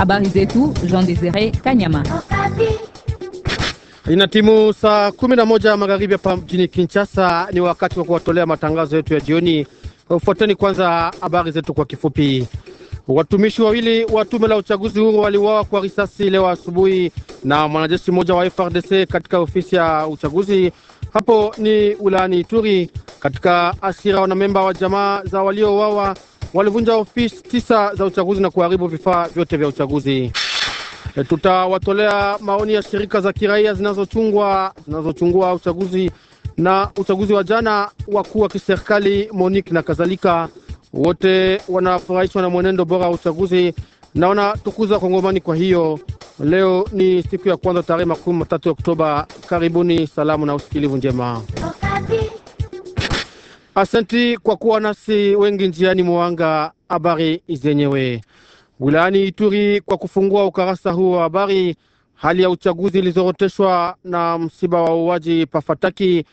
Habari zetu Jean Desire Kanyama. Ina timu saa kumi na moja magharibi hapa mjini Kinshasa, ni wakati wa kuwatolea matangazo yetu ya jioni. Ufuateni kwanza habari zetu kwa kifupi. Watumishi wawili wa tume la uchaguzi huru waliuawa kwa risasi leo asubuhi na mwanajeshi mmoja wa FRDC katika ofisi ya uchaguzi hapo ni ulaani Ituri. Katika asira wanamemba wa jamaa za waliouawa walivunja ofisi tisa za uchaguzi na kuharibu vifaa vyote vya uchaguzi. E, tutawatolea maoni ya shirika za kiraia zinazochungwa zinazochungua uchaguzi na uchaguzi wa jana, wakuu wa kiserikali Monique na kadhalika. Wote wanafurahishwa na mwenendo bora wa uchaguzi na wanatukuza Kongomani. Kwa hiyo leo ni siku ya kwanza tarehe makumi matatu ya Oktoba. Karibuni, salamu na usikilivu njema. Asanti kwa kuwa nasi wengi njiani mwanga. Habari zenyewe wilayani Ituri kwa kufungua ukarasa huu wa habari, hali ya uchaguzi ilizoroteshwa na msiba wa uaji Pafataki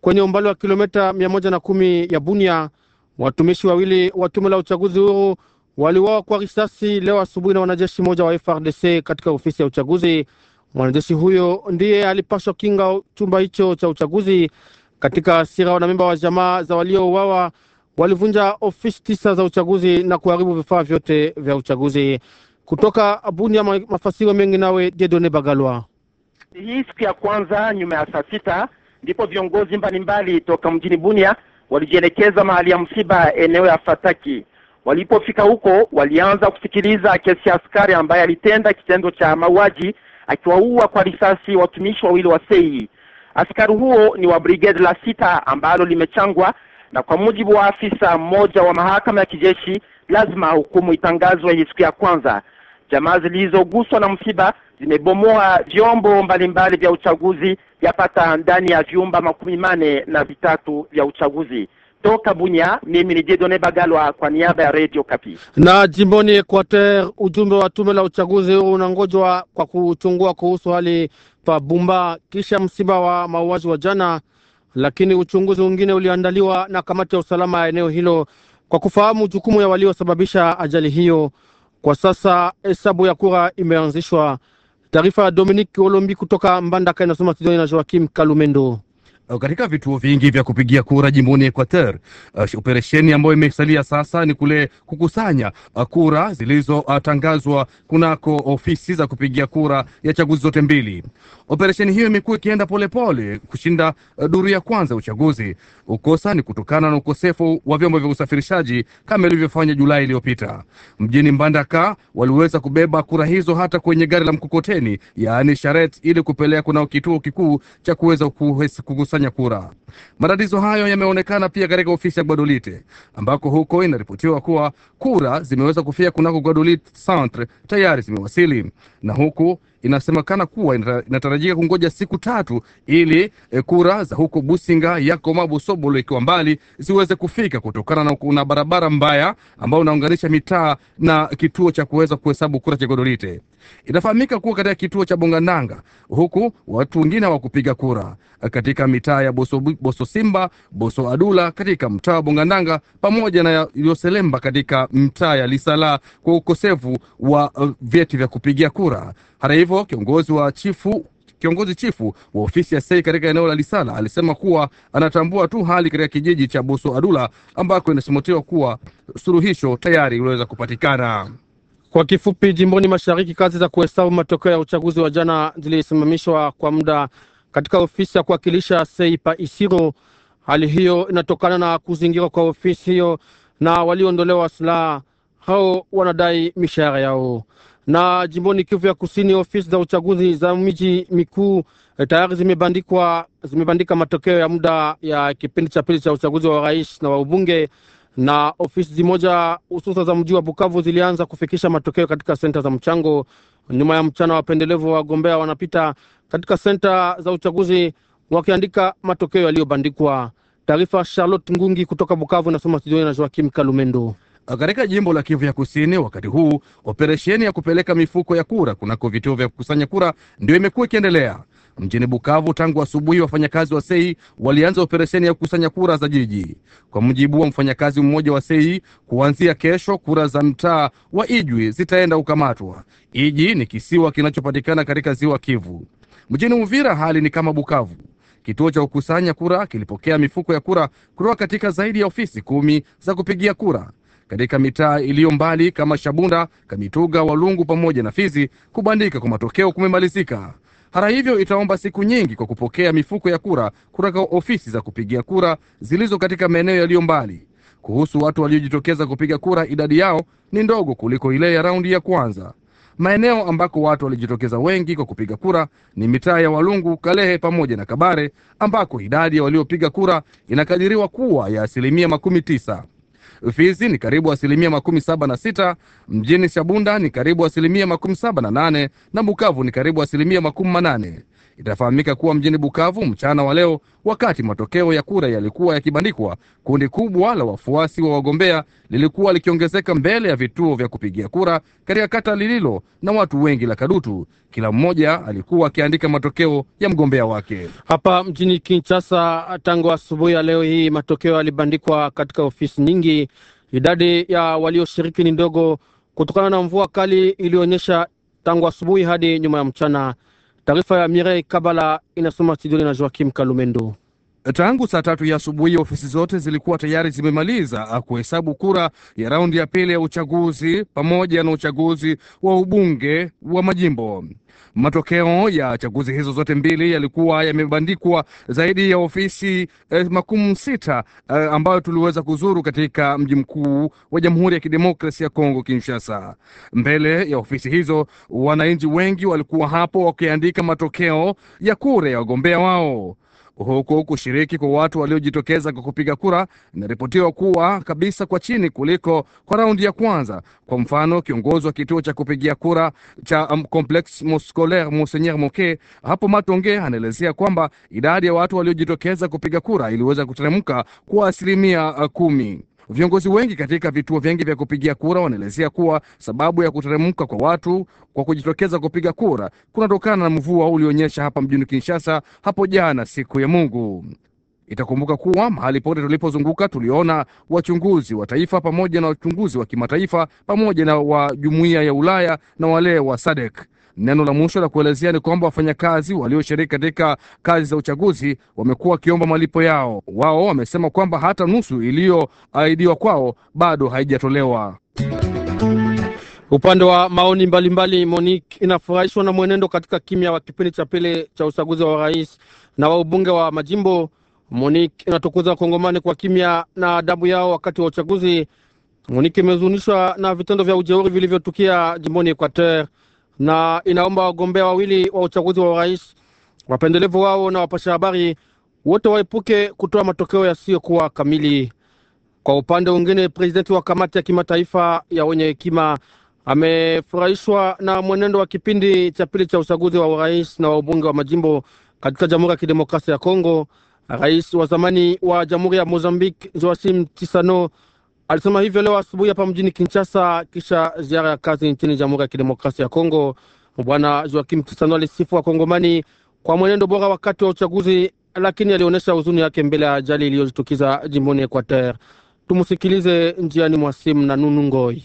kwenye umbali wa kilomita mia moja na kumi ya Bunia. Watumishi wawili wa tume la uchaguzi huru waliuawa kwa risasi leo asubuhi na wanajeshi mmoja wa FRDC katika ofisi ya uchaguzi. Mwanajeshi huyo ndiye alipaswa kinga chumba hicho cha uchaguzi katika hasira, wanamemba wa jamaa za waliouawa walivunja ofisi tisa za uchaguzi na kuharibu vifaa vyote vya uchaguzi. Kutoka Bunia, mafasiro mengi nawe Jedone Bagalwa. Hii siku ya kwanza nyuma ya saa sita ndipo viongozi mbalimbali toka mjini Bunia walijielekeza mahali ya msiba eneo ya Fataki. Walipofika huko, walianza kusikiliza kesi ya askari ambaye alitenda kitendo cha mauaji akiwaua kwa risasi watumishi wawili wa sei. Askari huo ni wa brigade la sita ambalo limechangwa, na kwa mujibu wa afisa mmoja wa mahakama ya kijeshi, lazima hukumu itangazwe hii siku ya kwanza. Jamaa zilizoguswa na msiba zimebomoa vyombo mbalimbali vya uchaguzi yapata ndani ya vyumba makumi mane na vitatu vya uchaguzi. Toka Bunya, mimi ni Jedone Bagalwa kwa niaba ya Radio Kapi. Na jimboni Equateur, ujumbe wa tume la uchaguzi huu unangojwa kwa kuchungua kuhusu hali pa Bumba kisha msiba wa mauaji wa jana, lakini uchunguzi mwingine uliandaliwa na kamati ya usalama ya eneo hilo kwa kufahamu jukumu ya waliosababisha ajali hiyo. Kwa sasa hesabu ya kura imeanzishwa. Taarifa ya Dominique Olombi kutoka Mbandaka inasoma studioni na Joakim Kalumendo. Eh, katika vituo vingi vya kupigia kura jimboni Equateur. Eh, operesheni ambayo imesalia sasa ni kule kukusanya uh, kura zilizotangazwa uh, kunako ofisi za kupigia kura ya chaguzi zote mbili. Operesheni hiyo imekuwa ikienda polepole kushinda uh, duru ya kwanza ya uchaguzi. Ukosa ni kutokana na ukosefu wa vyombo vya usafirishaji kama ilivyofanya Julai iliyopita. Mjini Mbandaka waliweza kubeba kura hizo hata kwenye gari la mkokoteni, yaani sharet, ili kupeleka kunao kituo kikuu cha kuweza kukusanya kukusanya kura. Matatizo hayo yameonekana pia katika ofisi ya Guadolite ambako huko inaripotiwa kuwa kura zimeweza kufia kunako Guadolite Centre tayari zimewasili na huku inasemekana kuwa inatarajia kungoja siku tatu ili e, kura za huko Businga, Yakoma, Busobolo ikiwa mbali ziweze kufika kutokana na kuna barabara mbaya ambayo unaunganisha mitaa na kituo cha kuweza kuhesabu kura cha Godolite. Inafahamika kuwa katika kituo cha Bongananga huku watu wengine hawakupiga kura eh, katika mitaa ya Boso, Boso Simba, Boso Adula katika mtaa wa Bongananga pamoja na Yoselemba katika mtaa ya Lisala kwa ukosefu wa uh, vyeti vya kupigia kura. Hata hivyo kiongozi wa chifu kiongozi chifu wa ofisi ya sei katika eneo la Lisala alisema kuwa anatambua tu hali katika kijiji cha boso Adula ambako inasimamiwa kuwa suluhisho tayari uliweza kupatikana. Kwa kifupi, jimboni mashariki, kazi za kuhesabu matokeo ya uchaguzi wa jana zilisimamishwa kwa muda katika ofisi ya kuwakilisha sei pa Isiro. Hali hiyo inatokana na kuzingirwa kwa ofisi hiyo na walioondolewa silaha hao wanadai mishahara yao. Na jimboni Kivu ya Kusini, ofisi za uchaguzi za miji mikuu eh, tayari zimebandikwa zimebandika matokeo ya muda ya kipindi cha pili cha uchaguzi wa rais na wa ubunge, na ofisi zimoja hususa za mji wa Bukavu zilianza kufikisha matokeo katika senta za mchango. Nyuma ya mchana, wapendelevu wagombea wanapita katika senta za uchaguzi wakiandika matokeo yaliyobandikwa. Taarifa Charlotte Ngungi kutoka Bukavu, nasoma studioni na Joakim Kalumendo katika jimbo la Kivu ya Kusini. Wakati huu operesheni ya kupeleka mifuko ya kura kunako vituo vya kukusanya kura ndio imekuwa ikiendelea mjini Bukavu tangu asubuhi. wafanyakazi wa SEI walianza operesheni ya kukusanya kura za jiji. Kwa mujibu wa mfanyakazi mmoja wa SEI, kuanzia kesho kura za mtaa wa Ijwi zitaenda kukamatwa. Iji ni kisiwa kinachopatikana katika ziwa Kivu. Mjini Uvira hali ni kama Bukavu. Kituo cha kukusanya kura kilipokea mifuko ya kura kutoka katika zaidi ya ofisi kumi za kupigia kura katika mitaa iliyo mbali kama Shabunda, Kamituga, Walungu pamoja na Fizi kubandika kwa matokeo kumemalizika. Hata hivyo itaomba siku nyingi kwa kupokea mifuko ya kura kutoka ofisi za kupigia kura zilizo katika maeneo yaliyo mbali. Kuhusu watu waliojitokeza kupiga kura, idadi yao ni ndogo kuliko ile ya raundi ya kwanza. Maeneo ambako watu walijitokeza wengi kwa kupiga kura ni mitaa ya Walungu, Kalehe pamoja na Kabare, ambako idadi ya waliopiga kura inakadiriwa kuwa ya asilimia makumi tisa. Fizi ni karibu asilimia makumi saba na sita, mjini Shabunda ni karibu asilimia makumi saba na nane na Bukavu ni karibu asilimia makumi manane. Itafahamika kuwa mjini Bukavu mchana wa leo, wakati matokeo ya kura yalikuwa yakibandikwa, kundi kubwa la wafuasi wa wagombea lilikuwa likiongezeka mbele ya vituo vya kupigia kura katika kata lililo na watu wengi la Kadutu. Kila mmoja alikuwa akiandika matokeo ya mgombea wake. Hapa mjini Kinshasa, tangu asubuhi ya leo hii, matokeo yalibandikwa katika ofisi nyingi. Idadi ya walioshiriki ni ndogo kutokana na mvua kali iliyoonyesha tangu asubuhi hadi nyuma ya mchana. Taarifa ya Mirei Kabala inasoma studioni na Joakim Kalumendo. Tangu saa tatu ya asubuhi ofisi zote zilikuwa tayari zimemaliza kuhesabu kura ya raundi ya pili ya uchaguzi pamoja na uchaguzi wa ubunge wa majimbo. Matokeo ya chaguzi hizo zote mbili yalikuwa yamebandikwa zaidi ya ofisi eh, makumi sita eh, ambayo tuliweza kuzuru katika mji mkuu wa Jamhuri ya Kidemokrasia ya Kongo Kinshasa. Mbele ya ofisi hizo wananchi wengi walikuwa hapo wakiandika matokeo ya kura ya wagombea wao huku kushiriki kwa watu waliojitokeza kwa kupiga kura inaripotiwa kuwa kabisa kwa chini kuliko kwa raundi ya kwanza. Kwa mfano, kiongozi wa kituo cha kupigia kura cha um, Complex Scolaire Monseigneur Moke hapo Matonge anaelezea kwamba idadi ya watu waliojitokeza kupiga kura iliweza kuteremka kwa asilimia uh, kumi. Viongozi wengi katika vituo vingi vya kupigia kura wanaelezea kuwa sababu ya kuteremka kwa watu kwa kujitokeza kupiga kura kunatokana na mvua ulionyesha hapa mjini Kinshasa hapo jana siku ya Mungu. Itakumbuka kuwa mahali pote tulipozunguka tuliona wachunguzi wa taifa pamoja na wachunguzi wa kimataifa pamoja na wa jumuiya ya Ulaya na wale wa SADC. Neno la mwisho la kuelezea ni kwamba wafanyakazi walioshiriki katika kazi za uchaguzi wamekuwa wakiomba malipo yao. Wao wamesema kwamba hata nusu iliyoahidiwa kwao bado haijatolewa. Upande wa maoni mbalimbali, Monique inafurahishwa na mwenendo katika kimya wa kipindi cha pili cha uchaguzi wa rais na wa ubunge wa majimbo. Monique inatukuza kongomani kwa kimya na adabu yao wakati wa uchaguzi. Monique imezunishwa na vitendo vya ujeuri vilivyotukia jimboni Equateur na inaomba wagombea wawili wa uchaguzi wa urais wapendelevu wao na wapasha habari wote waepuke kutoa matokeo yasiyokuwa kamili. Kwa upande mwingine, presidenti wa kamati ya kimataifa ya wenye hekima amefurahishwa na mwenendo wa kipindi cha pili cha uchaguzi wa urais na wa ubunge wa majimbo katika Jamhuri ya Kidemokrasia ya Kongo. Rais wa zamani wa Jamhuri ya Mozambique Joasim Tisano Alisema hivyo leo asubuhi hapa mjini Kinshasa kisha ziara ya kazi nchini Jamhuri ya Kidemokrasia ya Kongo. Bwana Joakim Kisano alisifu Wakongomani kwa mwenendo bora wakati wa uchaguzi, lakini alionyesha huzuni yake mbele ya ajali iliyojitukiza jimboni Equateur. tumsikilize njiani mwa simu na Nunu Ngoi.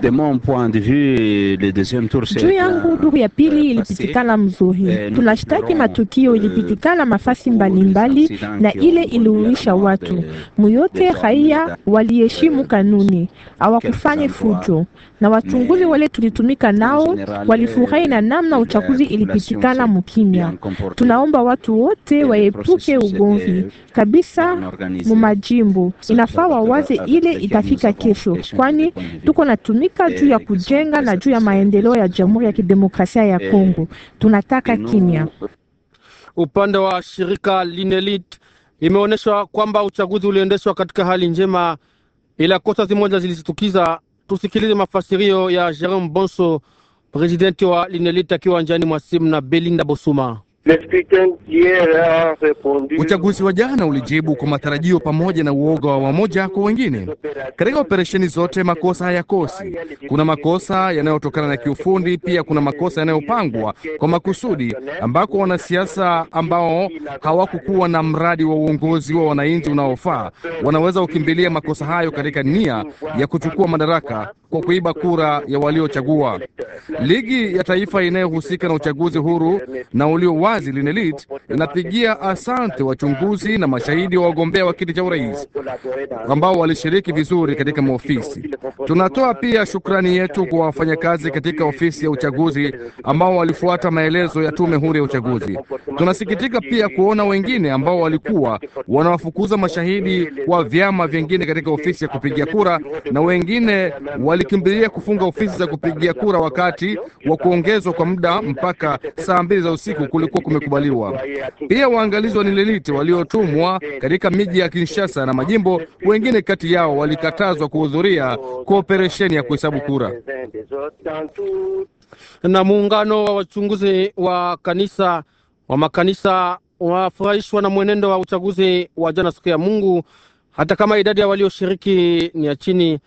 De mon point de vue, le deuxième tour juu yangu duru ya pili ilipitikana mzuri. Eh, Tunashtaki matukio ilipitikana mafasi mbalimbali mbali, na ile iliuisha watu muyote. Raia waliheshimu euh, kanuni, hawakufanye fujo, na wachunguzi wale tulitumika nao walifurahi na euh, namna uchaguzi ilipitikana mukimya. Tunaomba watu wote waepuke ugomvi kabisa mu majimbo, inafaa wawaze ile itafika kesho, kwani tuko na tunatumika juu ya eh, kujenga na juu ya maendeleo ya Jamhuri ya Kidemokrasia ya eh, Kongo. Tunataka kimya. Upande wa shirika Linelit imeonyeshwa kwamba uchaguzi uliendeshwa katika hali njema, ila kosa zimoja zilizotukiza. Tusikilize mafasirio ya Jerome Bonso, presidenti wa Linelit, akiwa njani mwa simu na Belinda Bosuma. Uchaguzi wa jana ulijibu kwa matarajio pamoja na uoga wa wamoja kwa wengine. Katika operesheni zote makosa hayakosi. Kuna makosa yanayotokana na kiufundi, pia kuna makosa yanayopangwa kwa makusudi, ambako wanasiasa ambao hawakukuwa na mradi wa uongozi wa wananchi unaofaa wanaweza kukimbilia makosa hayo katika nia ya kuchukua madaraka kwa kuiba kura ya waliochagua. Ligi ya taifa inayohusika na uchaguzi huru na ulio wazi Linelit inapigia asante wachunguzi na mashahidi wa wagombea wa kiti cha urais ambao walishiriki vizuri katika maofisi. Tunatoa pia shukrani yetu kwa wafanyakazi katika ofisi ya uchaguzi ambao walifuata maelezo ya tume huru ya uchaguzi. Tunasikitika pia kuona wengine ambao walikuwa wanawafukuza mashahidi wa vyama vingine katika ofisi ya kupigia kura na wengine wali walikimbilia kufunga ofisi za kupigia kura wakati wa kuongezwa kwa muda mpaka saa mbili za usiku kulikuwa kumekubaliwa. Pia waangalizi wa nililiti waliotumwa katika miji ya Kinshasa na majimbo, wengine kati yao walikatazwa kuhudhuria kwa operesheni ya kuhesabu kura. Na muungano wa wachunguzi wa kanisa wa makanisa wafurahishwa na mwenendo wa uchaguzi wa jana siku ya Mungu, hata kama idadi ya walioshiriki ni ya chini.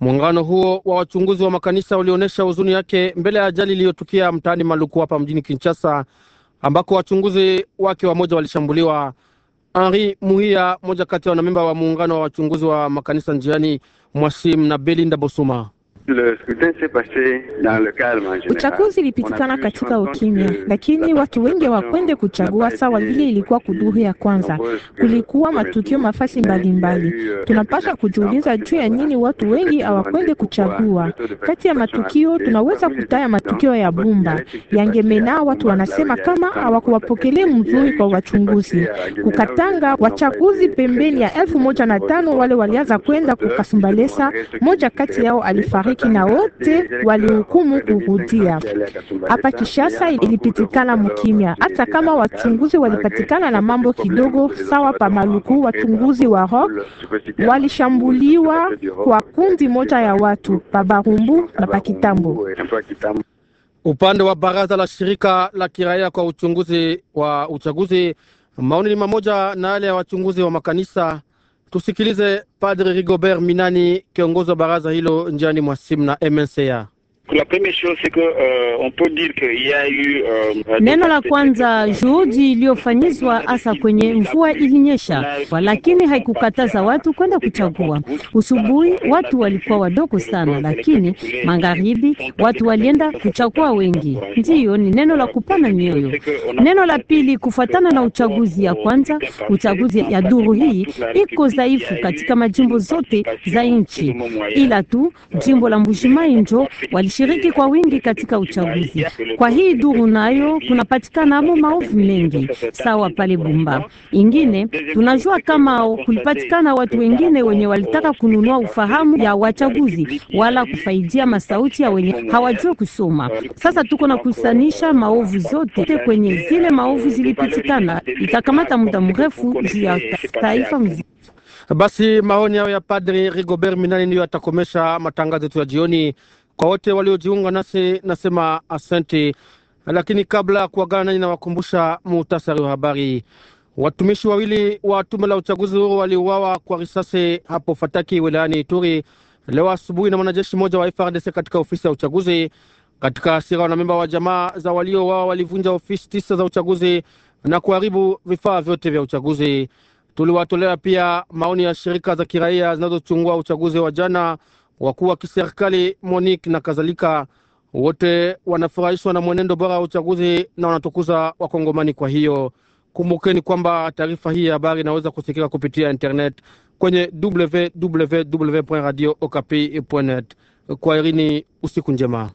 Muungano huo wa wachunguzi wa makanisa ulionyesha huzuni yake mbele ya ajali iliyotukia mtaani Maluku hapa mjini Kinshasa, ambako wachunguzi wake wamoja walishambuliwa. Henri Muhia, moja kati ya wanamemba wa muungano wa wachunguzi wa makanisa njiani Mwasim na Belinda Bosuma Le uchaguzi ilipitikana katika ukimya, lakini watu wengi wakwende kuchagua sawa vile ilikuwa kuduhi ya kwanza. Kulikuwa matukio mafasi mbalimbali mbali. Euh, kujiuliza juu ya nini watu wengi hawakwende kuchagua. Kati ya matukio tunaweza kutaya matukio ya Bumba, yangemena, watu wanasema kama hawakuwapokelea mzuri kwa wachunguzi. Kukatanga wachaguzi pembeni ya elfu moja na tano wale walianza kwenda kukasumbalesa, moja kati yao alifariki. Mashariki na wote walihukumu kurudia Hapa Kishasa ilipitikana mkimya, hata kama wachunguzi walipatikana na mambo kidogo sawa pa Maluku. Wachunguzi wa rock walishambuliwa kwa kundi moja ya watu pa Barumbu na pa Kitambo. Upande wa baraza la shirika la kiraia kwa uchunguzi wa uchaguzi, maoni ni mamoja na yale ya wachunguzi wa makanisa. Tusikilize Padre Rigobert Minani, kiongozi wa baraza hilo njiani mwa simu na MNCA. La première chose c'est que uh, on peut dire qu'il y a eu uh, neno la kwanza, juhudi iliyofanyizwa hasa kwenye mvua ilinyesha, lakini haikukataza watu kwenda kuchagua. Usubuhi watu walikuwa wadogo sana, lakini magharibi watu walienda kuchagua wengi. Ndiyo, ni neno la kupana mioyo. Neno la pili, kufuatana na uchaguzi ya kwanza, uchaguzi ya duru hii iko dhaifu katika majimbo zote za nchi, ila tu jimbo la Mbujimayi njo wali walishiriki kwa wingi katika uchaguzi. Kwa hii duru nayo kunapatikana amo maovu mengi sawa pale Bumba. Ingine tunajua kama kulipatikana watu wengine wenye walitaka kununua ufahamu ya wachaguzi wala kufaidia masauti ya wenye hawajue kusoma. Sasa tuko na kusanisha maovu zote kwenye zile maovu zilipitikana, itakamata muda mrefu juu ya taifa mzima. Basi maoni yao ya Padri Rigobert Minani ndiyo atakomesha matangazo yetu ya jioni. Kwa wote waliojiunga nasi nasema asante, lakini kabla ya kuagana nanyi nawakumbusha muhtasari wa habari. Watumishi wawili wa tume la uchaguzi huru waliuawa kwa risasi hapo Fataki wilayani Ituri leo asubuhi na mwanajeshi mmoja wa FRDC katika ofisi ya uchaguzi. Katika hasira, wanamemba wa jamaa za waliouawa walivunja ofisi tisa za uchaguzi na kuharibu vifaa vyote vya uchaguzi. Tuliwatolea pia maoni ya shirika za kiraia zinazochungua uchaguzi wa jana wakuu wa kiserikali, Monik na kadhalika, wote wanafurahishwa na mwenendo bora wa uchaguzi na wanatukuza Wakongomani. Kwa hiyo kumbukeni kwamba taarifa hii ya habari inaweza kusikika kupitia internet kwenye www.radio okapi.net. irini, usiku njema.